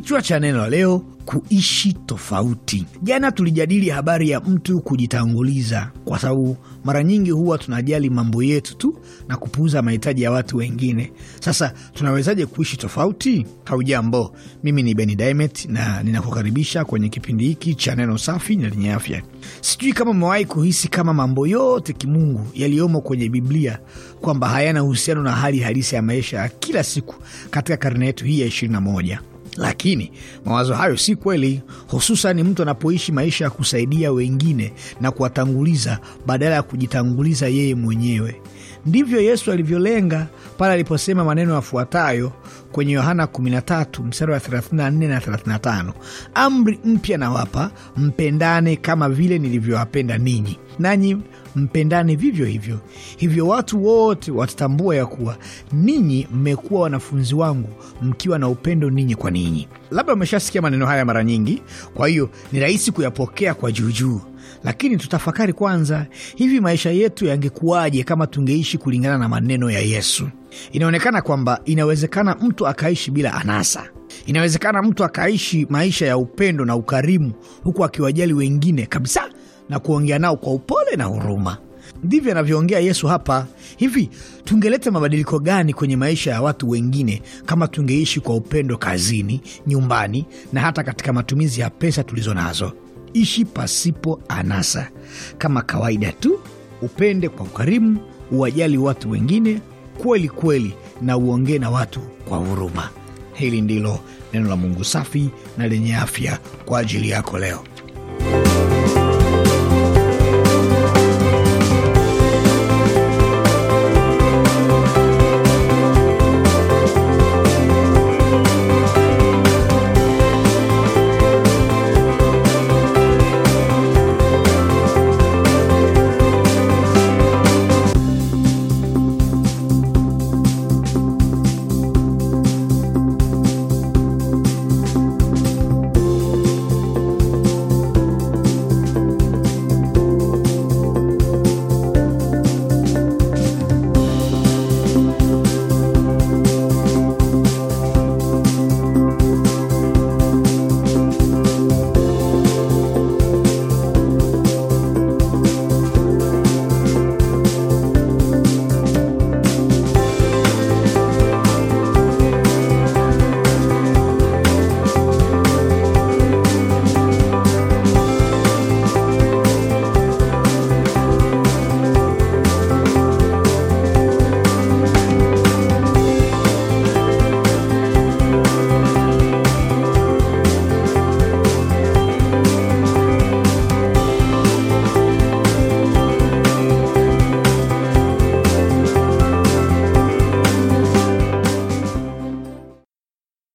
Kichwa cha neno leo: kuishi tofauti. Jana tulijadili habari ya mtu kujitanguliza, kwa sababu mara nyingi huwa tunajali mambo yetu tu na kupuuza mahitaji ya watu wengine. Sasa tunawezaje kuishi tofauti? Haujambo, mimi ni Beni Dimet na ninakukaribisha kwenye kipindi hiki cha neno safi na lenye afya. Sijui kama umewahi kuhisi kama mambo yote kimungu yaliyomo kwenye Biblia kwamba hayana uhusiano na hali halisi ya maisha ya kila siku katika karne yetu hii ya 21. Lakini mawazo hayo si kweli, hususan mtu anapoishi maisha ya kusaidia wengine na kuwatanguliza badala ya kujitanguliza yeye mwenyewe. Ndivyo Yesu alivyolenga pale aliposema maneno yafuatayo kwenye Yohana 13 mstari wa 34 na 35, amri mpya nawapa, mpendane kama vile nilivyowapenda ninyi, nanyi mpendane vivyo hivyo. Hivyo watu wote watatambua ya kuwa ninyi mmekuwa wanafunzi wangu mkiwa na upendo ninyi kwa ninyi. Labda umeshasikia maneno haya mara nyingi, kwa hiyo ni rahisi kuyapokea kwa juujuu lakini tutafakari kwanza, hivi maisha yetu yangekuwaje kama tungeishi kulingana na maneno ya Yesu? Inaonekana kwamba inawezekana mtu akaishi bila anasa. Inawezekana mtu akaishi maisha ya upendo na ukarimu, huku akiwajali wengine kabisa na kuongea nao kwa upole na huruma. Ndivyo anavyoongea Yesu hapa. Hivi tungeleta mabadiliko gani kwenye maisha ya watu wengine kama tungeishi kwa upendo kazini, nyumbani na hata katika matumizi ya pesa tulizo nazo? ishi pasipo anasa. Kama kawaida tu, upende kwa ukarimu, uwajali watu wengine kweli kweli, na uongee na watu kwa huruma. Hili ndilo neno la Mungu safi na lenye afya kwa ajili yako leo.